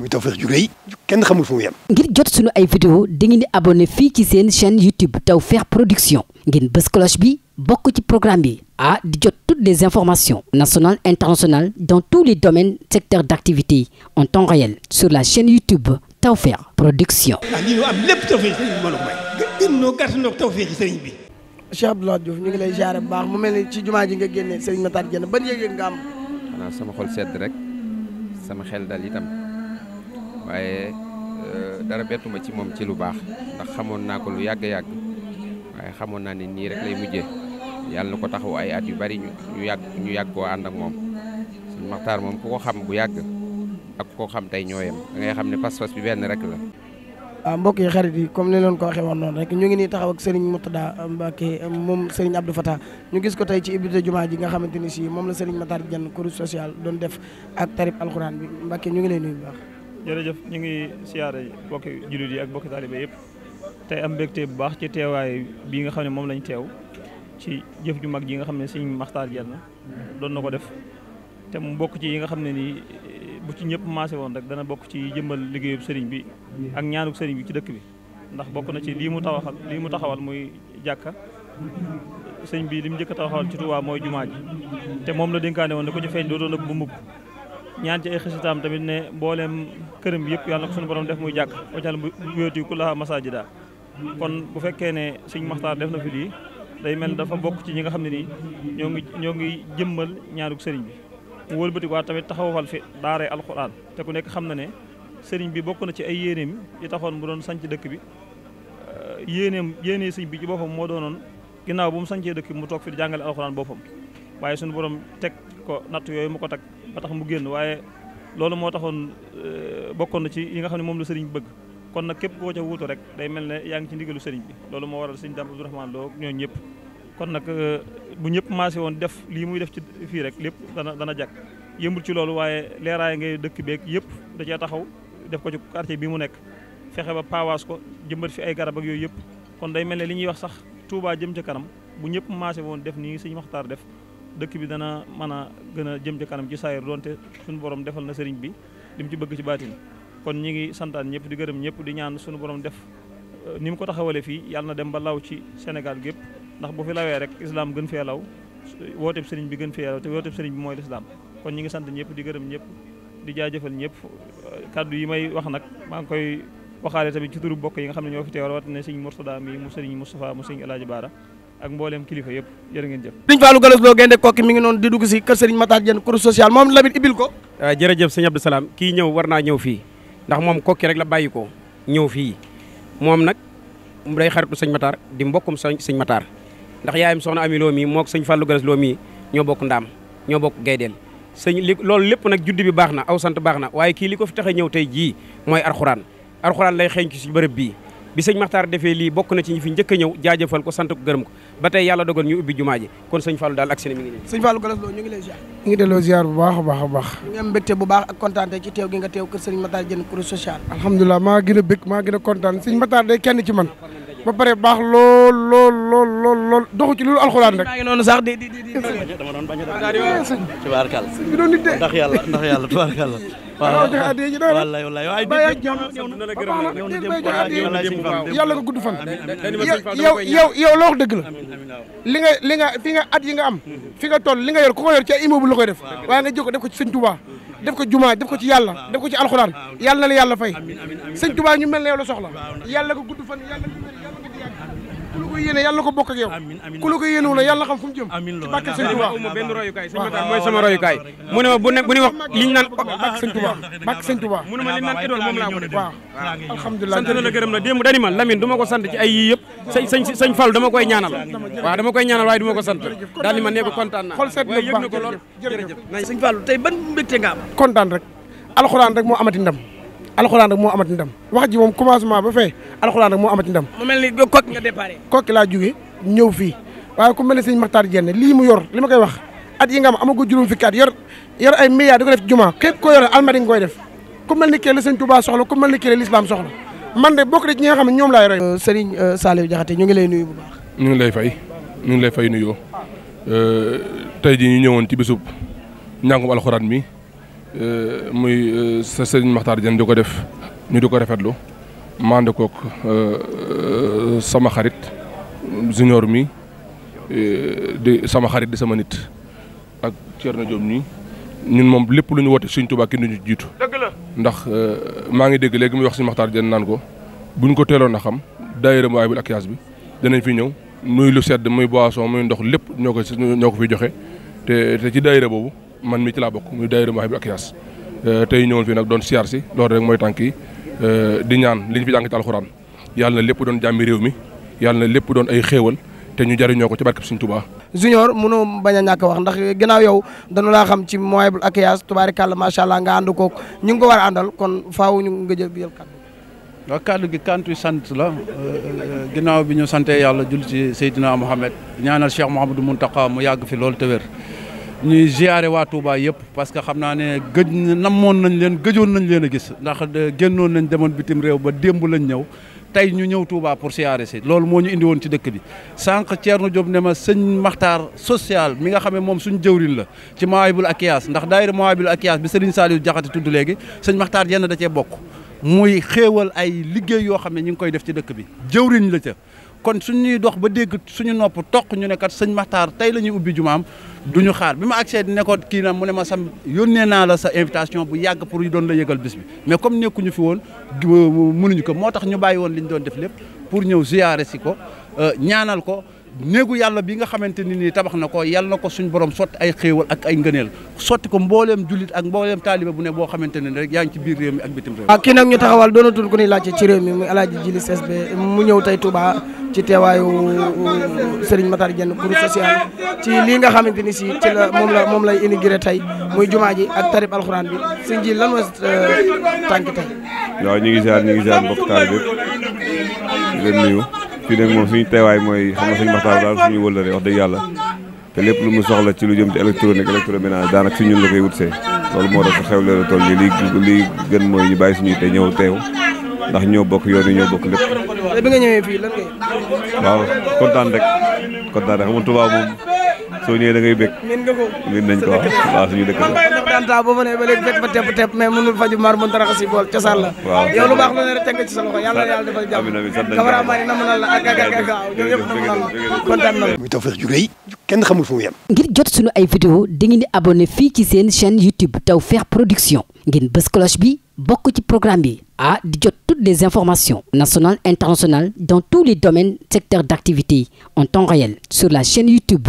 muy Tawfekh ju rëy kenn xamul fu mu yem. ngir jot sunu ay vidéo dangeen di abonné fii ci seen chaîne YouTube Tawfekh Production ngeen bës cloche bi bokk ci programme bi ah di jot toutes des informations national internationales dans tous les domaines secteurs d'activité en temps réel sur la chaine YouTube Tawfekh Production. ah lii ñu am lépp Tawfekh sëriñ bi ma la bi. Cheikh Abdoulaye Diouf ñu ngi lay ziare baax mu mel ni ci jumaa ji nga génnee sëriñ Matar Diène ban yëg am. sama xol sedd rek sama xel waaye euh, dara bettuma ci moom ci lu baax ndax xamoon naa ko lu yàgg yàgg waaye xamoon naa ni nii rek lay mujjee yàlla na ko taxaw ay at yu bari ñu ñu yàgg ñu yàgg koo ànd ak moom suñu maxtaar moom ku xam bu yàgg ak ku xam tey ñooyam da ngay xam ne pas-pas bi rek la. waaw ah, mbokk yi xarit yi comme ni leen ko waxee woon rek ñu ngi nii taxaw ak Serigne Moutada Mbacké moom Fatah ñu gis ko tey ci ubbite jumaa ji nga xamante ni si moom la Serigne Matar Diagne kuréel social doon def ak tarib alxuraan bi Mbacké ñu ngi lay nuyu bu baax. jërëjëf ñu ngi siyaare bokki jullit yi ak bokki taalibe yëpp te am mbégte bu baax ci teewaay bii nga xam ne moom lañ teew ci jëf ju mag ji nga xam ne Sëriñ Maxtaar Jenn doon na ko def te mu bokk ci yi nga xam ne nii eh, bu ci ñëpp maase woon rek dana bokk ci jëmmal liggéeyub sëriñ bi ak ñaanuk sëriñ bi ci dëkk bi ndax bokk na ci lii mu tawaxal lii mu taxawal muy jàkka sëñ bi li mu njëkk a taxawal ci waa mooy jumaa ji te moom la dénkaane woon ne ko ci doon ak bu ñaan ci ay xasitaam tamit ne mbooleem këram bi yëpp yàlla na ko suñu def muy jàkk waccal wéetu kulaha daa kon bu fekkee ne sëñ Maxtaar def na fi lii day mel dafa bokk ci ñi nga xam ne nii ñoo ngi ñoo ngi jëmmal ñaanuk sëriñ bi mu waa tamit taxawal fi daaree alxuraan te ku nekk xam na ne sëriñ bi bokk na ci ay yéeneem yi taxoon mu doon sanc dëkk bi yéeneem yéene sëñ bi ci boppam moo doonoon ginnaaw bu mu sancee dëkk mu toog fi di jàngale alxuraan boppam waaye suñu borom teg ko natt yooyu mu ko teg ba tax mu génn waaye loolu moo taxoon euh, bokkoon na ci yi nga xam ne moom la sëriñ bi bëgg kon nag képp koo ca wuutu rek day mel ne yaa ngi ci ndigalu sëriñ bi loolu moo waral sëriñ Dame Abdourahmane Lo ñoo ñëpp kon nag euh, bu ñëpp maase woon def lii muy def ci fii rek lépp dana dana jàkk yëmbul ci loolu waaye leeraay ngay dëkk beeg yëpp da taxaw def ko ci quartier bi mu nekk fexe ba paawaas ko jëmbat fi ay garab ak yooyu yëpp kon day mel ne li ñuy wax sax Touba jëm ca kanam bu ñëpp maase woon def nii sëñ Maxtaar def dëkk bi dana mën a gën a jëm ci kanam ci saayir doonte suñu borom defal na sëriñ bi li mu ci bëgg ci baatin kon ñi ngi santaan ñëpp di gërëm ñëpp di ñaan suñu borom def ni mu ko taxawalee fii yàlla na dem ba law ci Sénégal gépp ndax bu fi lawee rek islam gën fee law wooteeb sëriñ bi gën fee law te wooteeb sëriñ bi mooy lislaam kon ñi ngi sant ñëpp di gërëm ñëpp di jaajëfal ñëpp kàddu yi may wax nag maa ngi koy waxaale tamit ci turu bokk yi nga xam ne ñoo fi teewal wat ne sëriñ Mourtada mi mu sëriñ Moustapha mu sëriñ El ak mboolem kilifa yëpp jërë ngeen jëf Serigne Fallou Gallas Lo Gaynde Kokki mi ngi noonu di dugg si kër Serigne Matar Diène cour social moom Lamine ibil ko waaw euh, jërëjëf Serigne Abdou Salam kii ñëw war naa ñëw fii ndax moom kokki rek la bàyyi ko ñëw fii moom nag day xaritu Serigne Matar di mbokkum Serigne Matar ndax yaayam soxna Ami Lo mii mook Serigne Fallou Gallas Lo mii ñoo bokk ndaam ñoo bokk gaydeel sëñ li loolu lépp nag juddi bi baax na aw sant baax na waaye kii li ko fi tax ñëw tey jii mooy arxuraan arxuraan lay xeeñ ci bërëb bii bi sëñ Maxtaar defee lii bokk na ci ñi fi njëkk a ñëw jaajëfal ko sant ko gërëm ko ba tey yàlla dogal ñu ubbi jumaa ji kon sëñ Fallou daal ak seen mi ngi nii. sëñ Fallou Gallas Lo ñu ngi lay ziar. ñu ngi delloo ziar bu baax a baax a baax. ñu ngi am mbégte bu baax ak kontaan ci teew gi nga teew kër sëñ Matar Diène kuréel social. alhamdulilah maa a bëgg maa gën a kontaan sëñ Matar day ci man ba pare baax lool lool lool lool lool doxu ci loolu alxuraan rek. maa ngi noonu sax a yàlla ndax yàlla tubaarkàlla waaw joxe addiya ji doy na wallaay bàyyi ak jàmm yàlla nga gudd fan yow yow yow loo wax nga li at yi nga am fi nga toll li nga yor ku ko yor ci ay immeuble la koy def waaye nga jóg def ko ci sëñ Touba ko jumaa def ko ci yàlla def ko ci alxuraan yàlla na la yàlla fay sëñ Touba ñu mel ne la soxla yàlla nga gudd fan yàlla nga yàlla ku la ko yéene yàlla ko bokk ak yow ko yéene wala yàlla xam fu jëm ci bàkk ma benn royukaay sëñ Matar mooy sama royukaay mu ne ma bu ne bu ñu wax li ñu naan ma li naan idol moom laa waaw dama koy ñaanal waaw dama koy ñaanal waaye du ko sant daal di ma kontaan naa xol seet na bu baax jërëjëf tey ban mbégte nga am kontaan rek alxuraan rek moo amati ndam alxuraan rek moo amati ndam wax ji moom commencement ba fee alxuraan rek moo amati ndam. mu mel ni kokki nga déparé. kokki laa jóge ñëw fii waaye ku mel ne sëñ Maxtaar Jenn lii mu yor li ma koy wax at yi nga am amagoo juróom fukki at yor yor ay milliards ko def jumaa képp nga koy def ku mel ni kii la sëñ Touba soxla ku mel ni kii la lislaam soxla man de bokk na ci ñi xam ne ñoom laa roy. Euh, Serigne euh, Saliou Diakhaté ñu ngi lay nuyu bu ngi lay fay ñu ngi lay fay nuyoo euh, tey jii ñu ñëwoon ci bisub njàngum alxuraan mi Euh, muy euh, sa sëriñ Maxtaar Jeen di ko def ñu di ko rafetlu mande kook euh, sama xarit junior mi di sama xarit di sama nit ak Thierno Diop ñi ñun moom lépp lu ñu woote Sëriñ Tuubaa kenn duñu jiitu ndax maa ngi dégg léegi muy wax si Maxtaar Jeen naan ko buñ ko teeloon a xam daayira waay bi ak yaas bi danañ fi ñëw muy lu sedd muy boisson muy ndox lépp ñoo ko ñoo ko fiy joxe te ci daayira boobu man mi ci laa bokk muy daayira Mawahibou Akyas euh, tey ñëwoon fii nag doon siyaar si loolu rek mooy tànk yi euh, di ñaan li ñu fi jàng ci alxuraan yàlla na lépp doon jàmmi réew mi yàlla na lépp doon ay xéewal te ñu jariñoo ko ci barkeb Sëriñ Tuubaa junior bañ a ñàkk wax ndax ginnaaw yow dañu laa xam ci Mawahibou Akyas tubaarikàlla macha allah nga ànd ko ñu ngi ko war a kon faaw ñu nga jël bi yël kàddu waaw kàddu gi kantu sant la euh, ginnaaw bi ñu sante yàlla jul ci Seydina Mohamed ñaanal Cheikh Mouhamadou Mountakha mu yàgg fi loolu te wér ñuy ziare waa Touba yëpp parce que xam naa ne gëj namoon nañ leen gëjoon nañ leen a gis ndax génnoon nañ demoon bitim réew ba démb lañ ñëw tey ñu ñëw tuubaa pour ziare si loolu moo ñu indi woon ci dëkk bi sànq Thierno Diop ne ma sëñ Maxtaar social mi nga xam ne moom suñ jëwriñ la ci Mawaahibul Akyaas ndax daayira Mawaahibul Akyaas bi Serigne Saliou Diakhaté tudd léegi sëñ Maxtaar yenn da cee bokk muy xéewal ay liggéey yoo xam ne ñu ngi koy def ci dëkk bi jëwriñ la ca kon suñuy dox ba dégg suñu nopp toq ñu ne sëñ Maxtaar tey la ñuy ubbi jumaam du ñu xaar bi ma agsee ne ko kii na mu ne ma sam yónnee naa la sa invitation bu yàgg pour doon la yëgal bis bi mais comme nekkuñu fi woon mënuñu ko moo tax ñu bàyyi woon li ñu doon def lépp pour ñëw ziyaare ko euh, ñaanal ko néegu yàlla bi nga xamante ni nii tabax na ko yàlla na ko suñ borom sotti ay xéewal ak ay ngëneel sotti ko mbooleem jullit ak mbooleem taalibe bu ne boo xamante ne rek yaa ngi ci biir réew mi ak bitim réew. waaw kii nag ñu taxawal doonatul ku ñuy laajte ci réew mi muy El Hadj Djili mu ñëw tey Touba ci teewaayu sëriñ Matar Diène groupe social ci lii nga xamante ni si moom la moom lay inauguré tey muy jumaa ji ak tarib alxuraan bi sëñ ji lan mooy euh, tànk tey. waaw ñu ngi ziar ñu ngi fii nag moom suñu teewaay mooy xam nga suñu maxtaar daal suñu wëllëre wax dëgg yàlla te lépp lu mu soxla ci lu jëm ci électronique électroménage daanaka si ñun la koy wut see loolu moo tax xew la toll nii li li gën mooy ñu bàyyi suñuy te ñëw teew ndax ñoo bokk yoon yi ñoo bokk lépp. bi nga ñëwee fii lan ngay. waaw kontaan rek kontaan rek xam nga tubaab moom. soo ñëwee da ngay bëgg. miin nga ko miin nañ ko waaw suñu dëkk man danta boo fa ne ba léegi fekk fa tepp tepp mais mënul faju mar mën dara xasi bool cosaan la waaw yow lu baax lu ne rek teg nga ci sa loxo yàlla yàlla defal jàmm kamara mari na mënal la ak ak ak yow yëpp na mënal la kontaan na muy Tawfekh ju rëy kenn xamul fu mu yem ngir jot suñu ay vidéo di ngeen di abonné fii ci seen chaîne YouTube Tawfekh Production ngeen bës cloche bi bokk ci programme bi ah di jot toutes les informations nationales internationales dans tous les domaines secteurs d'activité en temps réel sur la chaîne YouTube